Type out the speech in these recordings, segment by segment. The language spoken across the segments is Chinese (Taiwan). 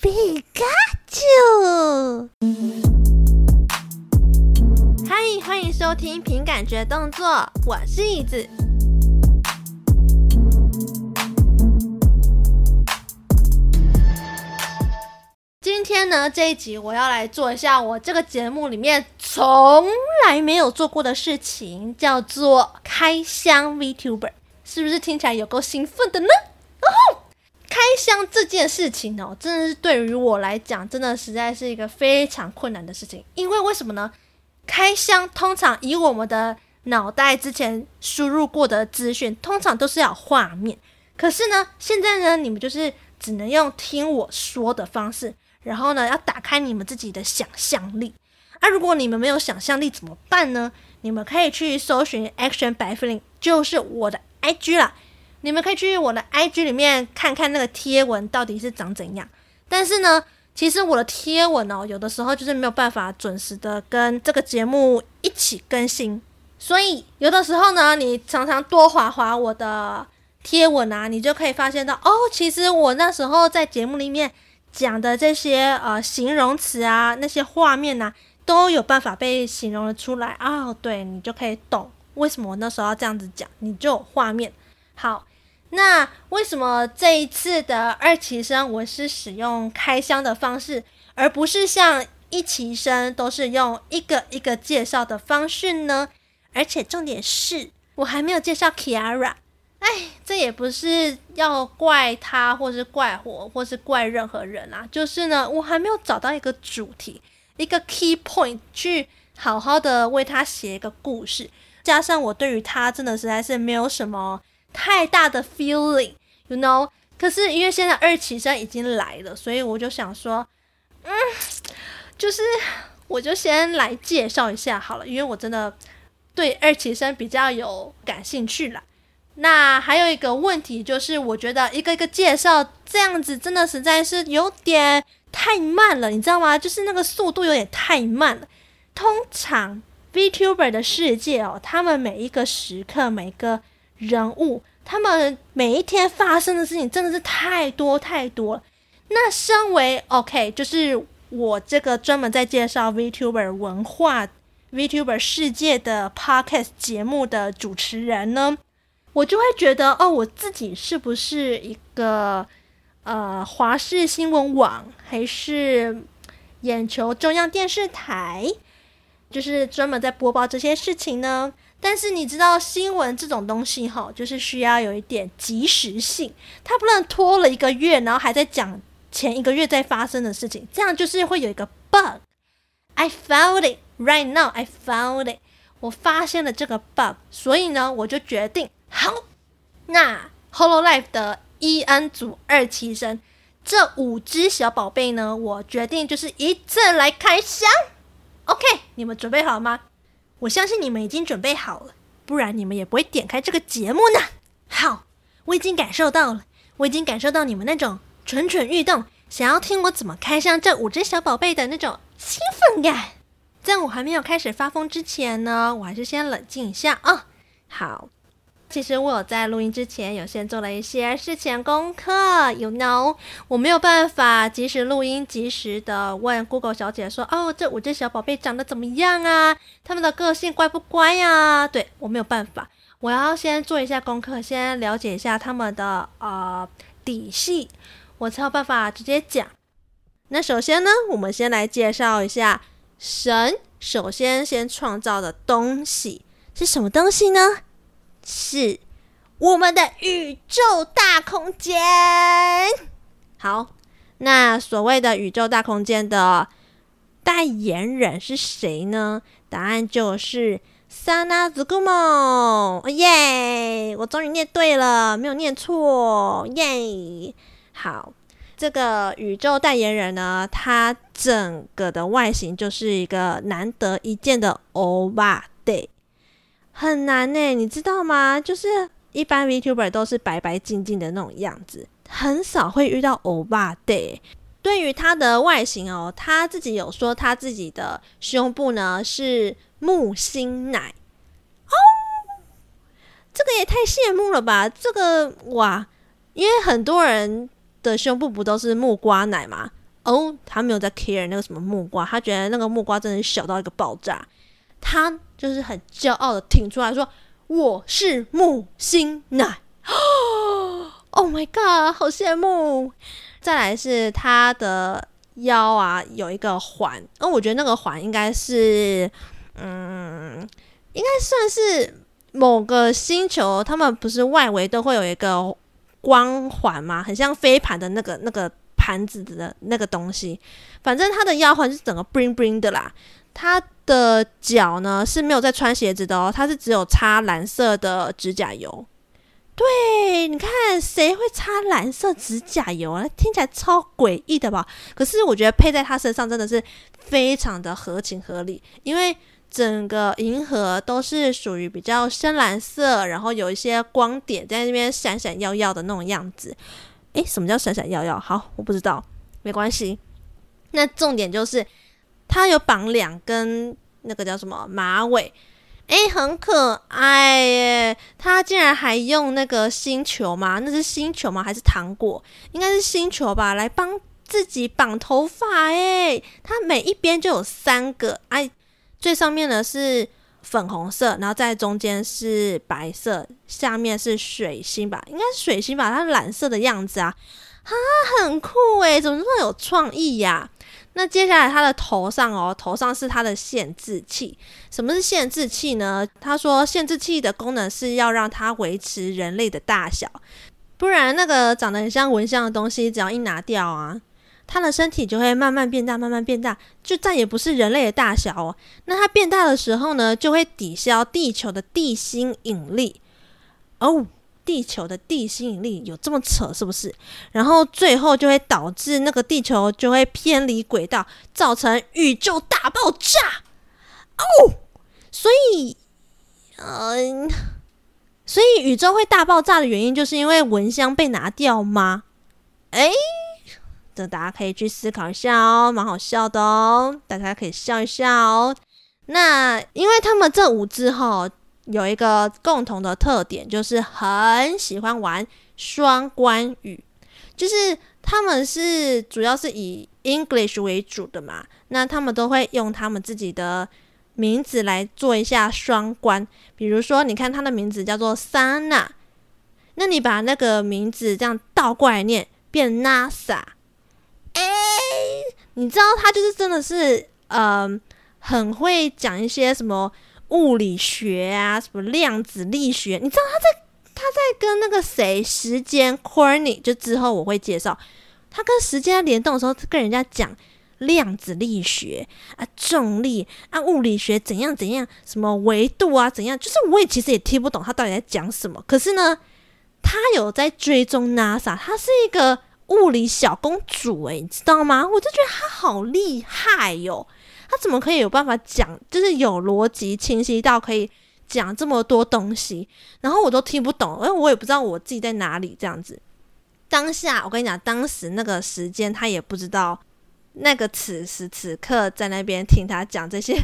皮卡丘！嗨， Hi, 歡迎收聽《憑感覺動作》，我是一子。今天呢，這一集我要來做一下我這個節目裡面從來沒有做過的事情，叫做開箱 VTuber，是不是聽起來有夠興奮的呢？哦吼！開箱這件事情哦，真的是對於我來講，真的實在是一個非常困難的事情。因為為什麼呢？開箱通常以我們的腦袋之前輸入過的資訊，通常都是要畫面。可是呢，現在呢，你們就是只能用聽我說的方式，然後呢，要打開你們自己的想象力。啊，如果你們沒有想象力怎麼辦呢？你們可以去搜尋 Action by Feeling，就是我的 IG 啦。你們可以去我的 IG 裡面看看那個貼文到底是長怎樣。但是呢，其實我的貼文哦、喔，有的時候就是沒有辦法準時的跟這個節目一起更新。所以有的時候呢，你常常多滑滑我的貼文啊，你就可以發現到哦，其實我那時候在節目裡面講的這些呃形容詞啊，那些畫面吶、啊，都有辦法被形容得出來哦，對，你就可以懂為什麼我那時候要這樣子講，你就畫面好。那為什麼這一次的二期生，我是使用開箱的方式，而不是像一期生都是用一個一個介紹的方式呢？而且重點是，我還沒有介紹 Kiara。哎，這也不是要怪他，或是怪我，或是怪任何人啊。就是呢，我還沒有找到一個主題，一個 key point，去好好的為他寫一個故事。加上我對於他真的實在是沒有什麼。太大的 feeling, you know？可是因為現在二期生已經來了，所以我就想說，嗯，就是我就先來介紹一下好了，因為我真的對二期生比較有感興趣了。那還有一個問題就是，我覺得一個一個介紹這樣子，真的實在是有點太慢了，你知道嗎？就是那個速度有點太慢了。通常 VTuber 的世界哦，他們每一個時刻每一個人物，他們每一天發生的事情真的是太多太多。那身為 OK，就是我這個專門在介紹 Vtuber 文化、Vtuber 世界的 Podcast 節目的主持人呢，我就會覺得哦，我自己是不是一個呃華視新聞網，還是眼球中央電視台，就是專門在播報這些事情呢？但是你知道新聞這種東西哈，就是需要有一點即時性，它不能拖了一個月，然後還在講前一個月在發生的事情，這樣就是會有一個 bug。I found it right now, I found it，我發現了這個 bug，所以呢，我就決定好，那 Hololive 的 EN 組二期生這五只小寶貝呢，我決定就是一次來開箱。OK，你們準備好了嗎？我相信你們已經準備好了，不然你們也不會點開這個節目呢。好，我已經感受到了，我已經感受到你們那種蠢蠢欲動，想要聽我怎麼開箱這五只小寶貝的那種興奮感。在我還沒有開始發瘋之前呢，我還是先冷靜一下啊、哦。好。其實我有在錄音之前有先做了一些事前功課，you know，我沒有辦法及時錄音，及時的問 Google 小姐說：“哦，這五只小寶貝長得怎麼樣啊？他們的個性乖不乖呀、啊？”對，我沒有辦法，我要先做一下功課，先了解一下他們的呃底細，我才有辦法直接講。那首先呢，我們先來介紹一下神首先先創造的東西是什麼東西呢？是我們的宇宙大空間。好，那所謂的宇宙大空間的代言人是誰呢？答案就是 Sana Tsukumo。哦耶，我終於念對了，沒有念錯。耶，好，這個宇宙代言人呢，他整個的外形就是一個難得一見的歐巴，對。很難呢，你知道嗎？就是一般 VTuber 都是白白淨淨的那種樣子，很少會遇到歐巴的。對，對於他的外形哦、喔，他自己有說他自己的胸部呢是木星奶哦，這個也太羨慕了吧！這個哇，因為很多人的胸部不都是木瓜奶嘛？哦，他沒有在 care 那個什麼木瓜，他覺得那個木瓜真的小到一個爆炸，他。就是很驕傲的挺出來說：“我是木星奶。”哦，Oh my god，好羨慕！再來是他的腰啊，有一個環，那、哦、我覺得那個環應該是，嗯，應該算是某個星球，他們不是外圍都會有一個光環嗎？很像飛盤的那個那個盤子的那個東西。反正他的腰環是整個 bling bling 的啦。他的腳呢是沒有在穿鞋子的哦，他是只有擦藍色的指甲油。對，你看誰會擦藍色指甲油啊？聽起來超詭異的吧？可是我覺得配在他身上真的是非常的合情合理，因為整個銀河都是屬於比較深藍色，然後有一些光點在那邊閃閃耀耀的那種樣子。誒、欸，什麼叫閃閃耀耀？好，我不知道，沒關係。那重點就是。他有綁兩根那個叫什麼馬尾，哎、欸，很可愛耶！他竟然還用那個星球嗎？那是星球嗎？還是糖果？應該是星球吧，來幫自己綁頭髮哎！他每一邊就有三個哎、欸，最上面的是粉紅色，然後在中間是白色，下面是水星吧？應該是水星吧？它藍色的樣子啊，啊，很酷哎！怎麼這麼有創意呀、啊？那接下來，他的頭上哦，頭上是他的限制器。什麼是限制器呢？他說，限制器的功能是要讓它維持人類的大小，不然那個長得很像蚊香的東西，只要一拿掉啊，他的身體就會慢慢變大，慢慢變大，就再也不是人類的大小哦。那它變大的時候呢，就會抵消地球的地心引力哦。Oh. 地球的地吸引力有這麼扯是不是？然後最後就會導致那個地球就會偏離軌道，造成宇宙大爆炸哦。Oh! 所以，嗯、呃，所以宇宙會大爆炸的原因就是因為蚊香被拿掉嗎？哎、欸，這大家可以去思考一下哦、喔，蠻好笑的哦、喔，大家可以笑一下哦、喔。那因為他們這五只吼、喔。有一個共同的特點，就是很喜歡玩雙關語，就是他們是主要是以 English 為主的嘛，那他們都會用他們自己的名字來做一下雙關，比如說，你看他的名字叫做 Sana，那你把那個名字這樣倒過來念，變 NASA，哎、欸，你知道他就是真的是，嗯、呃、很會講一些什麼。物理學啊，什麼量子力學？你知道他在他在跟那個誰時間 Kronii，就之後我會介紹他跟時間聯動的時候，跟人家講量子力學啊，重力啊，物理學怎樣怎樣，什麼維度啊，怎樣？就是我也其實也聽不懂他到底在講什麼。可是呢，他有在追蹤 NASA，他是一個物理小公主誒、欸，你知道嗎？我就覺得他好厲害喲、喔。他怎麼可以有辦法講？就是有邏輯清晰到可以講這麼多東西，然後我都聽不懂，因為我也不知道我自己在哪裡。這樣子，當下我跟你講，當時那個時間，他也不知道那個此時此刻在那邊聽他講這些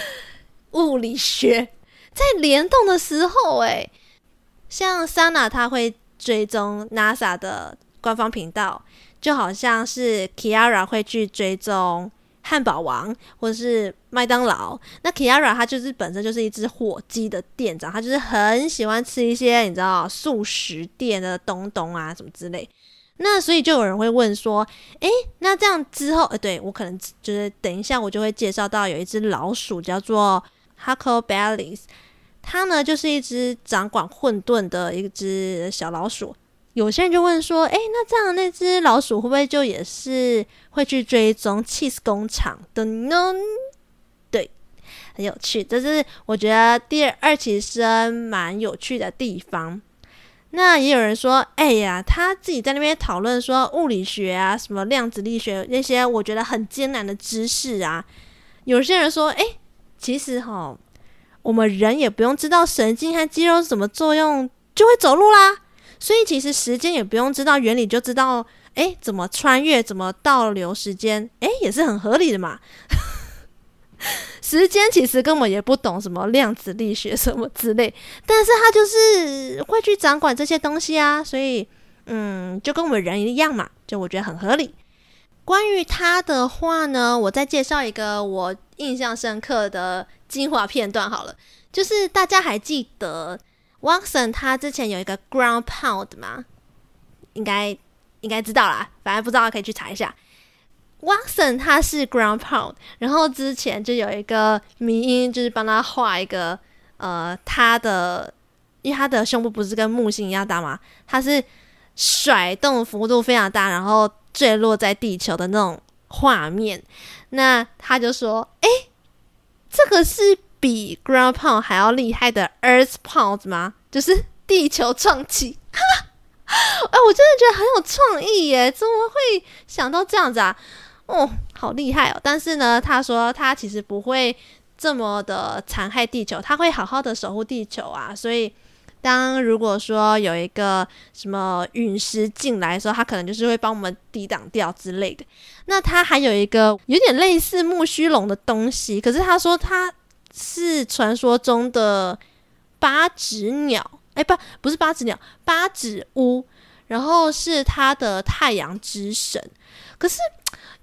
物理學在聯動的時候，誒，像 Sana 他會追蹤 NASA 的官方頻道，就好像是 Kiara 會去追蹤。漢堡王或者是麥當勞，那 Kiara 他就是本身就是一隻火雞的店長，他就是很喜歡吃一些你知道速食店的東東啊什麼之類。那所以就有人會問說，誒、欸，那這樣之後，呃、欸，對我可能就是等一下我就會介紹到有一只老鼠叫做 Hakos Baelz，它呢就是一只掌管混沌的一只小老鼠。有些人就問說：“誒、欸，那這樣那只老鼠會不會就也是會去追蹤 cheese 工廠的呢？”對，很有趣，這是我覺得第二期生蠻有趣的地方。那也有人說：“哎、欸、呀，他自己在那邊討論說物理學啊，什麼量子力學那些，我覺得很艱難的知識啊。”有些人說：“誒、欸，其實哈，我們人也不用知道神經和肌肉是什麼作用，就會走路啦。”所以其實時間也不用知道原理就知道，哎、欸，怎麼穿越，怎麼倒流時間，哎、欸，也是很合理的嘛。 時間其實根本也不懂什麼量子力學什麼之類，但是他就是會去掌管這些東西啊。所以，嗯，就跟我們人一樣嘛，就我覺得很合理。關於他的話呢，我再介紹一個我印象深刻的精華片段好了，就是大家還記得。Watson 他之前有一個 ground pound 嗎？應該應該知道啦，反正不知道可以去查一下。Watson 他是 ground pound，然後之前就有一個迷因，就是幫他畫一個呃他的，因為他的胸部不是跟木星一樣大嘛，他是甩動幅度非常大，然後墜落在地球的那種畫面。那他就說：“哎，這個是。”比 Grandpa 還要厲害的 Earth Paws 嗎？就是地球創起哈，哎、呃，我真的覺得很有創意耶！怎麼會想到這樣子啊？哦，好厲害哦！但是呢，他說他其實不會這麼的殘害地球，他會好好的守護地球啊。所以，當如果說有一個什麼隕石進來的時候，他可能就是會幫我們抵擋掉之類的。那他還有一個有點類似木須龍的東西，可是他說他。是傳說中的八咫鳥，哎、欸，不，不是八咫鳥，八咫烏。然後是他的太陽之神。可是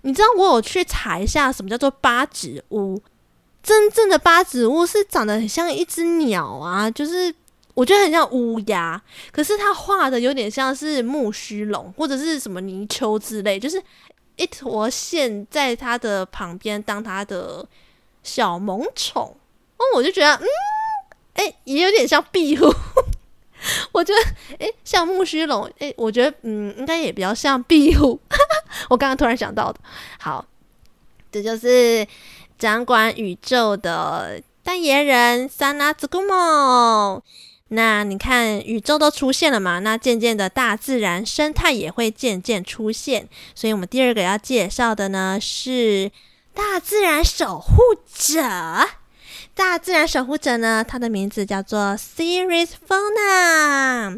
你知道，我有去查一下，什麼叫做八咫烏？真正的八咫烏是長得很像一只鳥啊，就是我覺得很像烏鴉。可是他畫的有點像是木須龍，或者是什麼泥鰍之類，就是一坨線在他的旁邊當他的小萌寵。哦，我就覺得，嗯，哎、欸，也有點像壁虎 我，我覺得，哎，像木鬚龍，哎、欸，我覺得，嗯，應該也比較像壁虎。 我剛剛突然想到的。好，這就是掌管宇宙的代言人 Sana Tsukumo。那你看，宇宙都出現了嘛。那漸漸的大自然生態也會漸漸出現。所以，我們第二個要介紹的呢，是大自然守護者。大自然守護者呢？他的名字叫做 Ceres Fauna。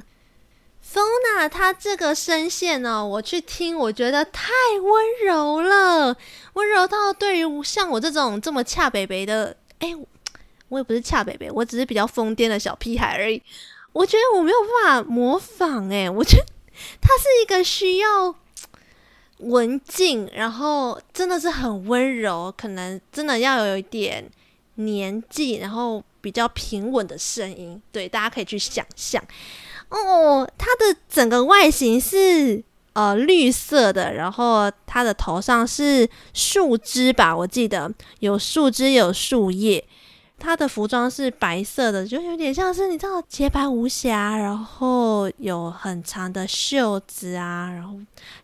Fauna，他這個聲線哦、喔，我去聽，我覺得太溫柔了，溫柔到對於像我這種這麼恰北北的，哎、欸，我也不是恰北北，我只是比較瘋癲的小屁孩而已。我覺得我沒有辦法模仿、欸，誒，我覺得他是一個需要文靜，然後真的是很溫柔，可能真的要有一點。年紀，然後比較平穩的聲音，對，大家可以去想象哦。它的整個外形是呃綠色的，然後它的頭上是樹枝吧，我記得有樹枝，有樹葉。他的服裝是白色的，就有點像是你知道，潔白無瑕，然後有很長的袖子啊，然後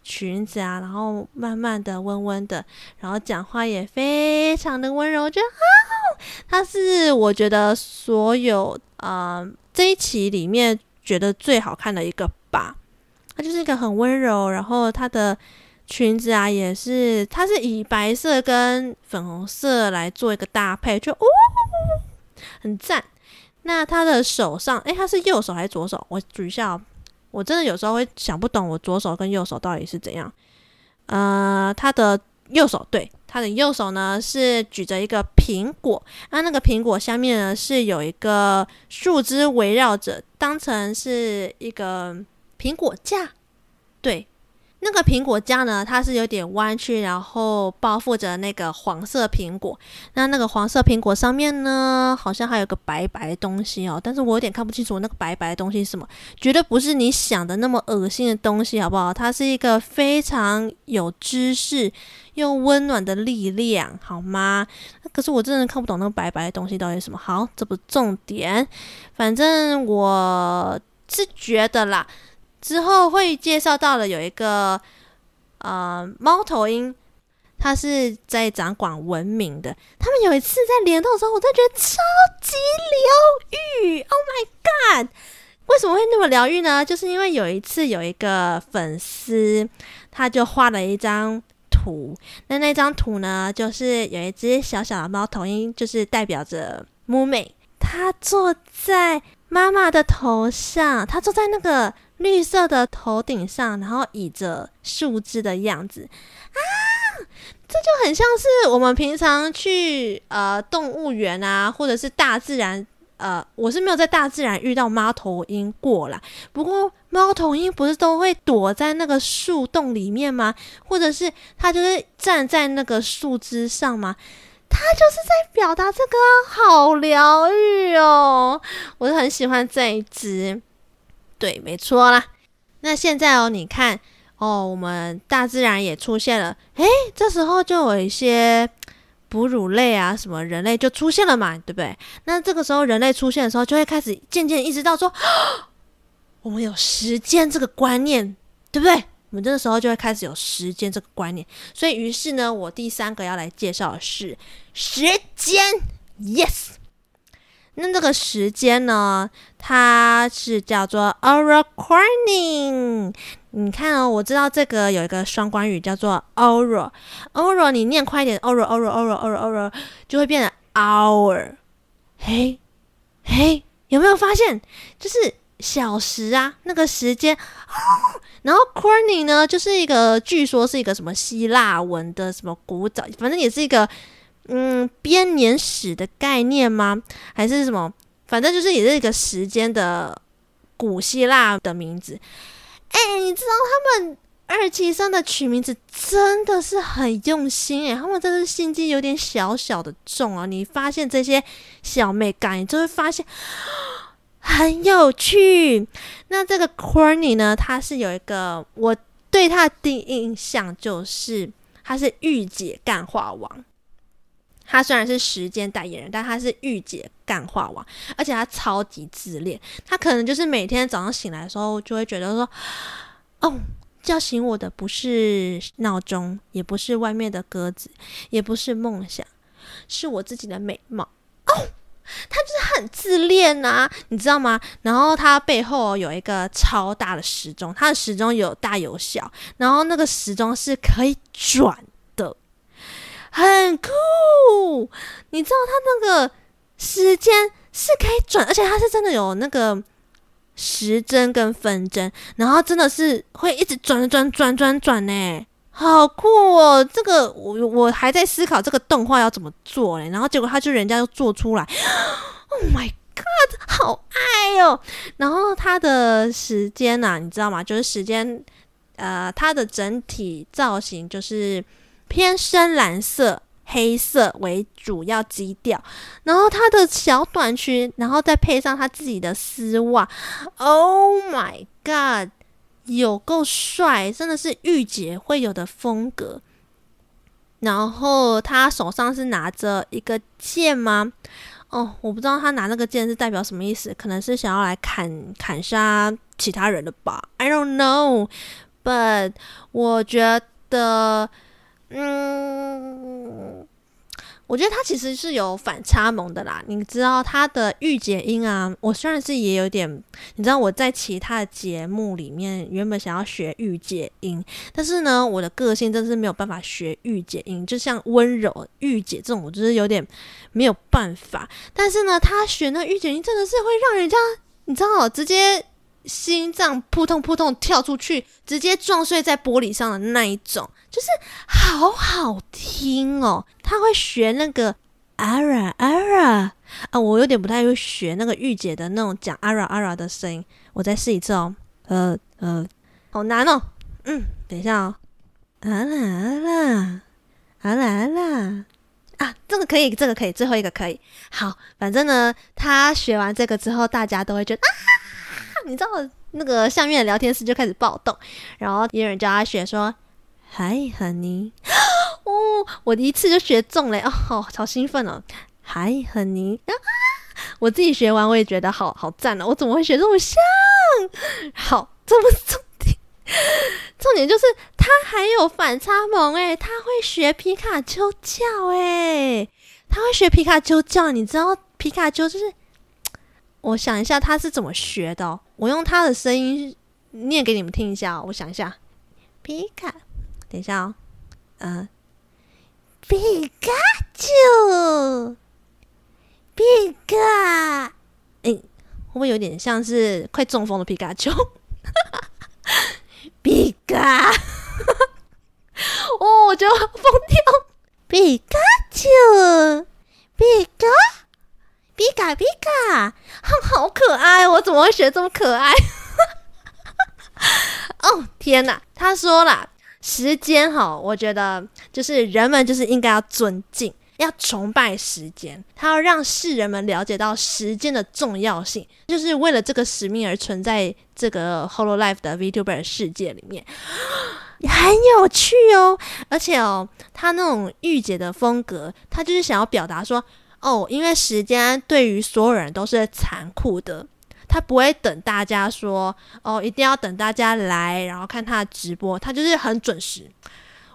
裙子啊，然後慢慢的、溫溫的，然後講話也非常的溫柔，我覺得，啊，他是我覺得所有啊、呃、這一期裡面覺得最好看的一個吧，他就是一個很溫柔，然後他的。裙子啊，也是，它是以白色跟粉紅色來做一個搭配，就哦，很讚。那他的手上，誒、欸，他是右手還是左手？我舉一下，我真的有時候會想不懂，我左手跟右手到底是怎樣。呃，他的右手，對，他的右手呢是舉着一個蘋果，那、啊、那個蘋果下面呢是有一個樹枝圍繞着，當成是一個蘋果架，對。那個蘋果架呢，它是有點彎曲，然後包覆着那個黃色蘋果。那那個黃色蘋果上面呢，好像還有個白白的東西哦，但是我有點看不清楚那個白白的東西是什麼。絕對不是你想的那麼噁心的東西，好不好？它是一個非常有知識又溫暖的力量，好嗎？可是我真的看不懂那個白白的東西到底是什麼。好，這不重點。反正我是覺得啦。之後會介紹到了有一個呃貓頭鷹，它是在掌管文明的。他們有一次在聯動的時候，我都覺得超級療癒。Oh my god，為什麼會那麼療癒呢？就是因為有一次有一個粉絲，他就畫了一張圖。那那張圖呢，就是有一只小小的貓頭鷹，就是代表着 moomy，他坐在媽媽的頭上，他坐在那個。綠色的頭頂上，然後倚着樹枝的樣子啊，這就很像是我們平常去呃動物園啊，或者是大自然呃，我是沒有在大自然遇到貓頭鷹過啦，不過貓頭鷹不是都會躲在那個樹洞裡面嗎？或者是它就是站在那個樹枝上嗎？它就是在表達這個、啊、好療癒哦，我是很喜歡這一隻。對，沒錯啦。那現在哦，你看哦，我們大自然也出現了，誒，這時候就有一些哺乳類啊，什麼人類就出現了嘛，對不對？那這個時候人類出現的時候，就會開始漸漸意識到說，啊，我們有時間這個觀念，對不對？我們這個時候就會開始有時間這個觀念。所以，於是呢，我第三個要來介紹的是時間，yes。那這個時間呢，它是叫做 Ouro Kronii 你看哦、喔，我知道這個有一個雙關語，叫做 Ouro。Ouro，你念快一點，Ouro，Ouro，Ouro，Ouro，Ouro，就會變成 hour。嘿，嘿，有沒有發現？就是小時啊，那個時間。 然後 Kronii 呢，就是一個，據說是一個什麼希臘文的什麼古早，反正也是一個。嗯，編年史的概念嗎？還是什麼？反正就是也是一個時間的古希臘的名字。哎、欸，你知道他們二期生的取名字真的是很用心哎、欸，他們真的是心機有點小小的重哦、啊。你發現這些小美感，你就會發現很有趣。那這個 Kronii 呢？他是有一個，我對他的第一印象，就是他是御姐幹話王。他雖然是時間代言人，但他是御姐幹話王，而且他超級自戀。他可能就是每天早上醒來的時候，就會覺得說：“哦，叫醒我的不是鬧鐘，也不是外面的鴿子，也不是夢想，是我自己的美貌。”哦，他就是很自戀啊，你知道嗎？然後他背後有一個超大的時鐘，他的時鐘有大有小，然後那個時鐘是可以轉。很酷，你知道它那個時間是可以轉，而且它是真的有那個時針跟分針，然後真的是會一直轉轉轉轉轉誒，好酷哦！這個我我還在思考這個動畫要怎麼做嘞，然後結果他就人家就做出來，Oh my god，好愛哦！然後它的時間吶，你知道嗎？就是時間，呃，它的整體造型就是。偏深藍色、黑色為主要基調，然後她的小短裙，然後再配上她自己的絲襪，Oh my God，有夠帥，真的是御姐會有的風格。然後她手上是拿着一個劍嗎？哦，我不知道她拿那個劍是代表什麼意思，可能是想要來砍砍殺其他人的吧。I don't know，but 我覺得。嗯，我覺得他其實是有反差萌的啦。你知道他的御姐音啊，我雖然是也有點，你知道我在其他的節目裡面原本想要學御姐音，但是呢，我的個性真是沒有辦法學御姐音，就像溫柔御姐這種，我就是有點沒有辦法。但是呢，他學那御姐音真的是會讓人家，你知道，直接心臟撲通撲通跳出去，直接撞碎在玻璃上的那一種。就是好好聽哦，他會學那個 ara ara 啊，我有點不太會學那個御姐的那種講 ara ara 的聲音，我再試一次哦，呃呃，好難哦，嗯，等一下哦，啊啦啦拉啦啦阿啊，這個可以，這個可以，最後一個可以，好，反正呢，他學完這個之後，大家都會覺得啊，你知道那個下面的聊天室就開始暴動，然後也有人叫他學說。Hi honey 哦，我一次就學中了哦，好，好興奮哦！Hi honey，我自己學完我也覺得好好讚了、哦。我怎麼會學這麼像？好，這不是重點重點就是他還有反差萌哎，他會學皮卡丘叫哎，他會學皮卡丘叫。你知道皮卡丘就是，我想一下他是怎麼學的、哦，我用他的聲音念給你們聽一下哦。我想一下，皮卡。等一下哦、喔，呃，皮卡丘，皮卡，誒，會不會有點像是快中風的皮卡丘？ 皮卡，哦，我覺得瘋掉！ 皮卡丘，皮卡，皮卡皮卡，哦、好可愛！我怎麼會學這麼可愛？ 哦、喔、天吶，他說啦。時間哈，我覺得就是人們就是應該要尊敬、要崇拜時間，他要讓世人們了解到時間的重要性，就是為了這個使命而存在。這個 Hololive 的 VTuber 世界裡面，哦、也很有趣哦，而且哦，他那種御姐的風格，他就是想要表達說，哦，因為時間對於所有人都是殘酷的。他不會等大家說哦，一定要等大家來，然後看他的直播。他就是很準時。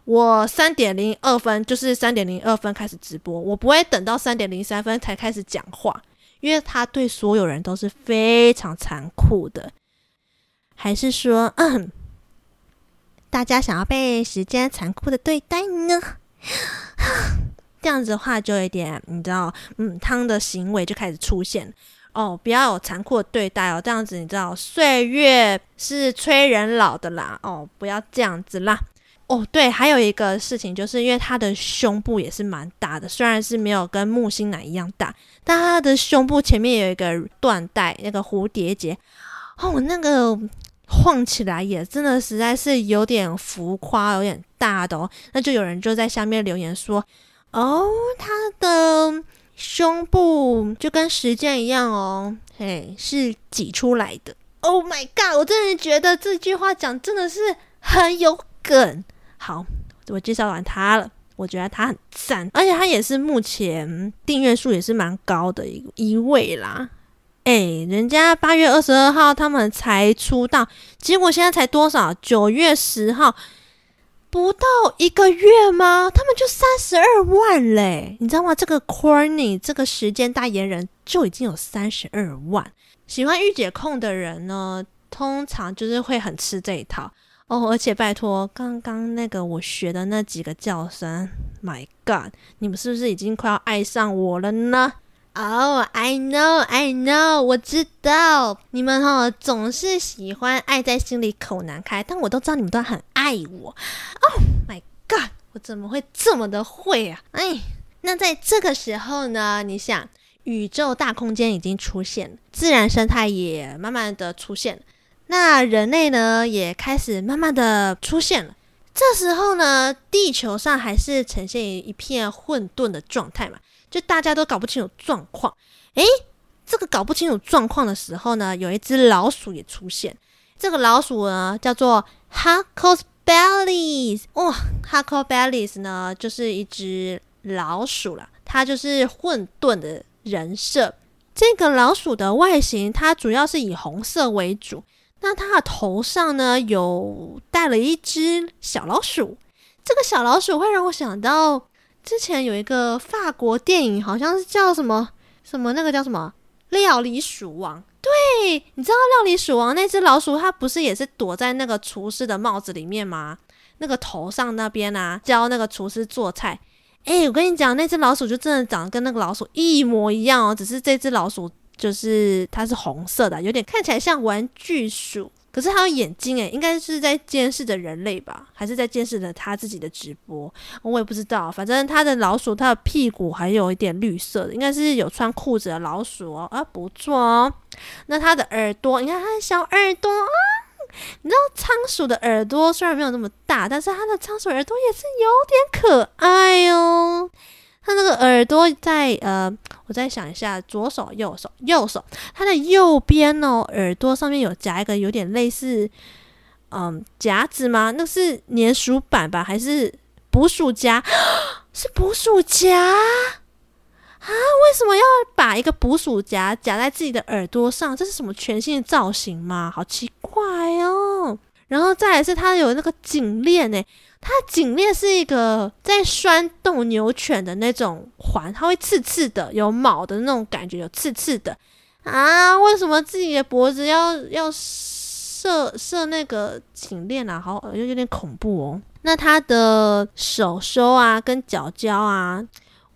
我三點零二分就是三點零二分開始直播，我不會等到三點零三分才開始講話。因為他對所有人都是非常殘酷的，還是說嗯，大家想要被時間殘酷的對待呢？這樣子的話就有一點，你知道，嗯，湯的行為就開始出現。哦，不要有殘酷的對待哦，這樣子你知道，歲月是催人老的啦。哦，不要這樣子啦。哦，對，還有一個事情，就是因為他的胸部也是蠻大的，雖然是沒有跟木星男一樣大，但他的胸部前面有一個緞帶，那個蝴蝶結。哦，那個晃起來也真的實在是有點浮誇，有點大的哦。那就有人就在下面留言說，哦，他的。胸部就跟時間一樣哦，嘿，是擠出來的。Oh my god，我真的覺得這句話講真的是很有梗。好，我介紹完他了，我覺得他很讚，而且他也是目前訂閱數也是蠻高的一位啦。誒、欸，人家八月二十二號他們才出道，結果現在才多少？九月十號。不到一個月嗎？他們就三十二萬嘞、欸，你知道嗎？這個 Kronii 這個時間代言人就已經有三十二萬。喜歡御姐控的人呢，通常就是會很吃這一套哦。而且拜託，剛剛那個我學的那幾個叫聲，My God，你們是不是已經快要愛上我了呢？哦，oh, I know,I know, I know，我知道你們哦，總是喜歡愛在心裡口難開，但我都知道你們都很愛我。Oh my God，我怎麼會這麼的會啊？哎，那在這個時候呢，你想，宇宙大空間已經出現了，自然生態也慢慢的出現了，那人類呢也開始慢慢的出現了。這時候呢，地球上還是呈現一片混沌的狀態嘛。就大家都搞不清楚狀況，哎、欸，這個搞不清楚狀況的時候呢，有一只老鼠也出現。這個老鼠呢，叫做 Hakos Baelz 哇，Hakos Baelz 呢，就是一只老鼠了，它就是混沌的人設。這個老鼠的外形，它主要是以紅色為主。那它的頭上呢，有帶了一只小老鼠。這個小老鼠會讓我想到。之前有一個法國電影，好像是叫什麼什麼那個叫什麼《料理鼠王》。對，你知道《料理鼠王》那只老鼠，它不是也是躲在那個廚師的帽子裡面嗎？那個頭上那邊啊，教那個廚師做菜。欸，我跟你講，那只老鼠就真的長得跟那個老鼠一模一樣哦、喔，只是這只老鼠就是它是紅色的，有點看起來像玩具鼠。可是它有眼睛誒，應該是在監視着人類吧，還是在監視着它自己的直播？我也不知道，反正它的老鼠它的屁股還有一點綠色的，應該是有穿褲子的老鼠哦。啊，不錯哦。那它的耳朵，你看它的小耳朵啊，你知道倉鼠的耳朵雖然沒有那麼大，但是它的倉鼠的耳朵也是有點可愛哦。它那個耳朵在呃，我再想一下，左手、右手、右手，它的右邊哦，耳朵上面有夾一個有點類似，嗯，夾子嗎？那是粘鼠板吧，還是捕鼠夾？是捕鼠夾啊？為什麼要把一個捕鼠夾夾在自己的耳朵上？這是什麼全新的造型嗎？好奇怪哦。然後再來是它有那個頸鏈哎。它頸鏈是一個在拴鬥牛犬的那種環，它會刺刺的，有毛的那種感覺，有刺刺的啊！為什麼自己的脖子要要射射那個頸鏈啊？好，又有，有點恐怖哦。那它的手手啊，跟腳腳啊，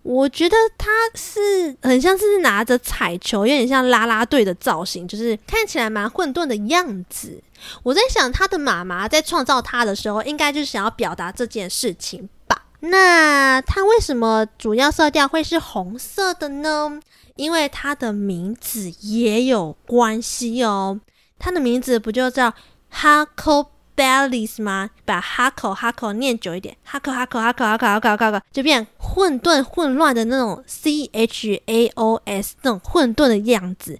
我覺得它是很像是拿着彩球，有點像拉拉隊的造型，就是看起來蠻混沌的樣子。我在想，他的媽媽在創造他的時候，應該就是想要表達這件事情吧？那他為什麼主要色調會是紅色的呢？因為他的名字也有關係哦。他的名字不就叫 Hakos Baelz 嗎？把哈口哈口念久一點，哈口哈口哈口哈口哈口哈口就變混沌混亂的那種 Chaos，那種混沌的樣子。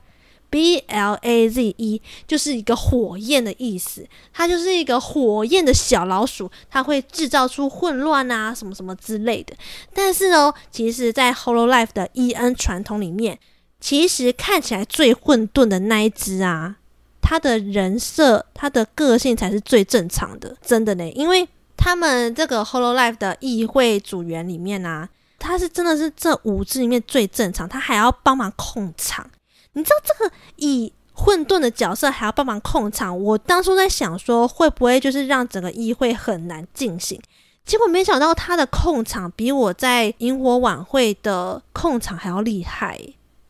B L A Z E 就是一個火焰的意思，它就是一個火焰的小老鼠，它會制造出混亂啊，什麼什麼之類的。但是呢，其實在、e，在《Hololive》的 EN 傳統裡面，其實看起來最混沌的那一只啊，他的人設、他的個性才是最正常的。真的呢，因為他們這個《Hololive》的議會組員裡面啊，他是真的是這五只裡面最正常，他還要幫忙控場。你知道這個以混沌的角色還要幫忙控場，我當初在想說，會不會就是讓整個議會很難進行，結果沒想到他的控場比我在營火晚會的控場還要厲害，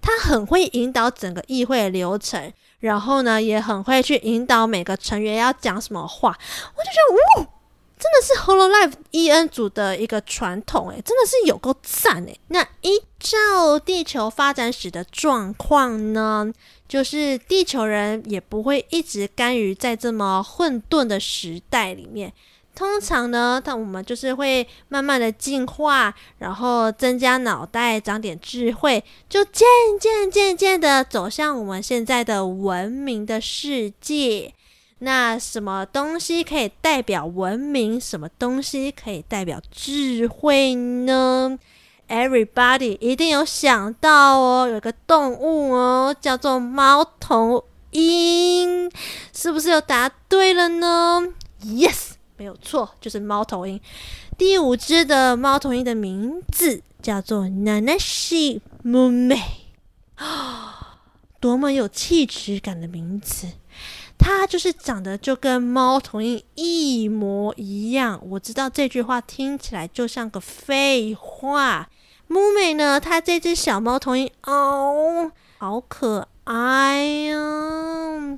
他很會引導整個議會的流程，然後呢也很會去引導每個成員要講什麼話，我就覺得嗚。哦真的是 HololiveEN 組的一個傳統哎，真的是有夠讚哎！那依照地球發展史的狀況呢，就是地球人也不會一直甘於在這麼混沌的時代裡面。通常呢，但我們就是會慢慢的進化，然後增加腦袋，長點智慧，就漸漸漸漸的走向我們現在的文明的世界。那什麼東西可以代表文明？什麼東西可以代表智慧呢？Everybody 一定有想到哦，有一個動物哦，叫做貓頭鷹，是不是又答對了呢？Yes，沒有錯，就是貓頭鷹。第五隻的貓頭鷹的名字叫做 Nanashi Mumei，啊，多麼有氣質感的名字！它就是長得就跟貓頭鷹一模一樣。我知道這句話聽起來就像個廢話。木美呢？它這隻小貓頭鷹哦，好可愛哦、啊。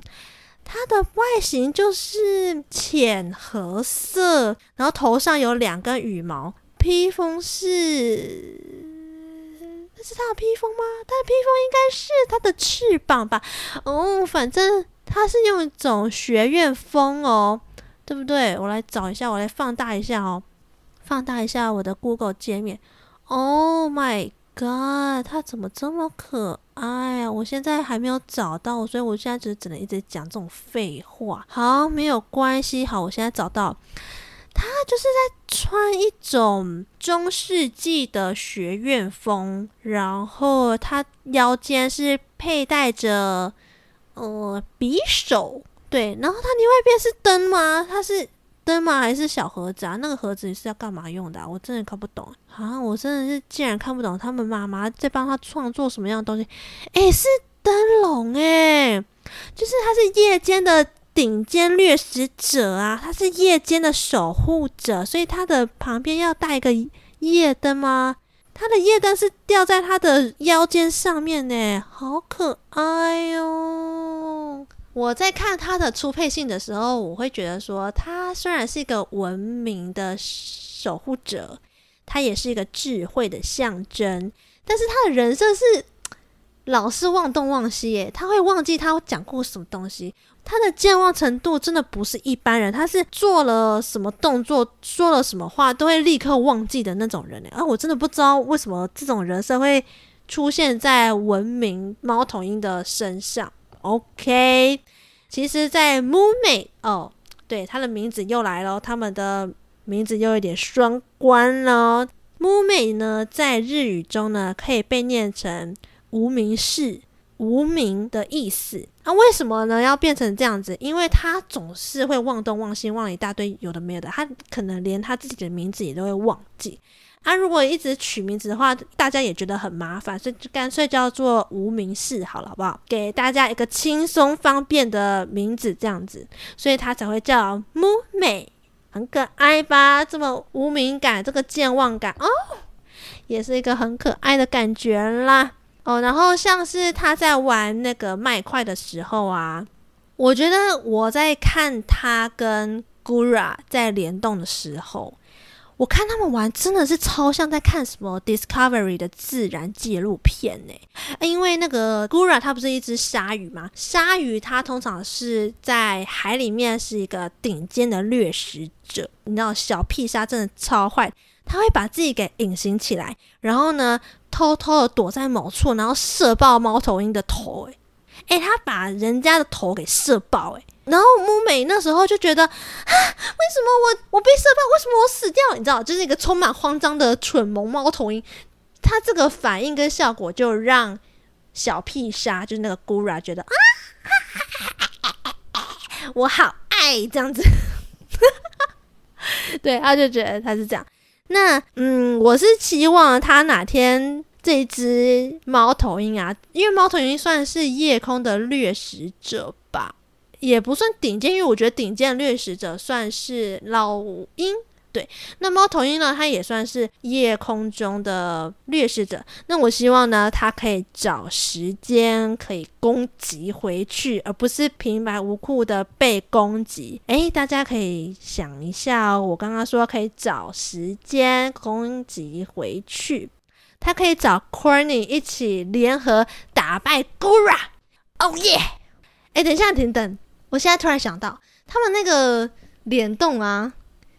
它的外形就是淺褐色，然後頭上有兩根羽毛，披風是。這是它的披風嗎？它的披風應該是它的翅膀吧。哦，反正。它是用一種學院風哦，對不對？我來找一下，我來放大一下哦，放大一下我的 Google 界面。Oh my god，它怎麼這麼可愛啊？我現在還沒有找到，所以我現在只只能一直講這種廢話。好，沒有關係，好，我現在找到，它就是在穿一種中世紀的學院風，然後它腰間是佩戴着。呃，匕首，對，然後它另外一邊是燈嗎？它是燈嗎？還是小盒子啊？那個盒子你是要幹嘛用的？啊？我真的看不懂好，啊，我真的是竟然看不懂他們媽媽在幫他創作什麼樣的東西。誒、欸，是燈籠誒，就是它是夜間的頂尖掠食者啊，它是夜間的守護者，所以它的旁邊要帶一個夜燈嗎？它的夜燈是吊在它的腰間上面呢？欸，好可愛哦，喔。我在看他的初配信的時候，我會覺得說，他雖然是一個文明的守護者，他也是一個智慧的象徵，但是他的人設是老是忘東忘西誒，他會忘記他講過什麼東西，他的健忘程度真的不是一般人，他是做了什麼動作，說了什麼話都會立刻忘記的那種人誒，啊，我真的不知道為什麼這種人設會出現在文明貓頭鷹的身上。OK，其實，在 Mumei 哦，對，他的名字又來咯，他們的名字又有點雙關咯。Mumei 呢，在日語中呢，可以被念成無名氏，無名的意思。那、啊、為什麼呢？要變成這樣子？因為他總是會忘東忘西忘一大堆，有的沒有的，他可能連他自己的名字也都會忘記。他、啊、如果一直取名字的話，大家也覺得很麻煩，所以就乾脆叫做無名氏好了，好不好？給大家一個輕鬆方便的名字，這樣子，所以他才會叫 Mumei，很可愛吧？這麼無名感，這個健忘感哦，也是一個很可愛的感覺啦。哦，然後像是他在玩那個麥塊的時候啊，我覺得我在看他跟 Gura 在聯動的時候。我看他們玩真的是超像在看什麼 Discovery 的自然紀錄片呢、欸，因為那個 Gura 它不是一隻鯊魚嗎？鯊魚它通常是在海裡面是一個頂尖的掠食者，你知道小屁鯊真的超壞，它會把自己給隱形起來，然後呢偷偷的躲在某處，然後射爆貓頭鷹的頭，誒，哎，它把人家的頭給射爆，誒。然後木美那時候就覺得，啊，為什麼我我被射爆？為什麼我死掉？你知道，就是一個充滿慌張的蠢萌貓頭鷹，它這個反應跟效果就讓小屁鯊就是那個 Gura 覺得啊，哈哈哈哈，我好愛這樣子， 對，他就覺得他是這樣。那嗯，我是期望他哪天這隻貓頭鷹啊，因為貓頭鷹算是夜空的掠食者吧。也不算頂尖，因為我覺得頂尖掠食者算是老鷹。對，那貓頭鷹呢？它也算是夜空中的掠食者。那我希望呢，它可以找時間可以攻擊回去，而不是平白無故的被攻擊。哎、欸，大家可以想一下哦、喔。我剛剛說可以找時間攻擊回去，它可以找 Kronii 一起聯合打敗 Gura。Oh yeah！哎、欸，等一下，等等。我現在突然想到，他們那個聯動啊，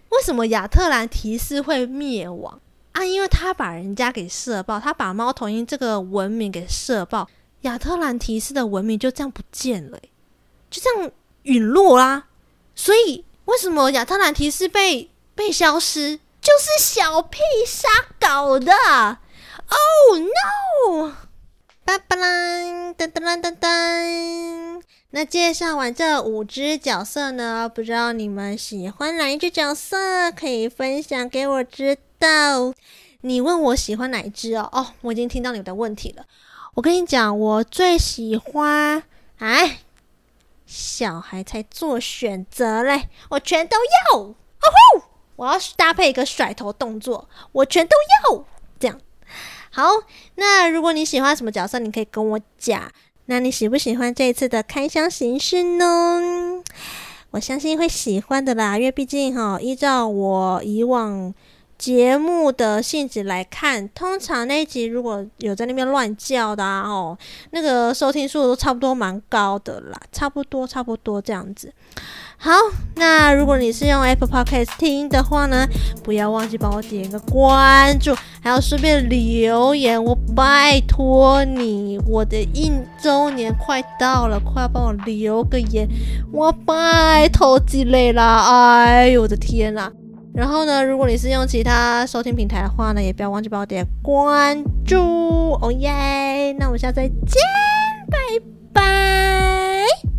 為什麼亞特蘭提斯會滅亡啊？因為他把人家給射爆，他把貓頭鷹這個文明給射爆，亞特蘭提斯的文明就這樣不見了、欸，就這樣隕落啦、啊。所以，為什麼亞特蘭提斯被被消失，就是小屁鯊搞的？Oh no！巴巴啦，噔噔啦噔噔。那介紹完這五只角色呢，不知道你們喜歡哪一只角色？可以分享給我知道。你問我喜歡哪一只哦？哦，我已經聽到你的問題了。我跟你講，我最喜歡哎、啊，小孩才做選擇嘞，我全都要。哦吼，我要搭配一個甩頭動作，我全都要。這樣，好。那如果你喜歡什麼角色，你可以跟我講。那你喜不喜歡這一次的開箱形式呢？我相信會喜歡的啦，因為畢竟哈，依照我以往。節目的性質來看，通常那一集如果有在那邊亂叫的啊，哦，那個收聽數都差不多蠻高的啦，差不多差不多這樣子。好，那如果你是用 Apple Podcast 聽的話呢，不要忘記幫我點個關注，還要順便留言，我拜託你，我的一周年快到了，快幫我留個言，我拜託積累啦，哎呦我的天啊！然後呢，如果你是用其他收聽平台的話呢，也不要忘記幫我點關注哦耶！Oh yeah! 那我們下次再見，拜拜。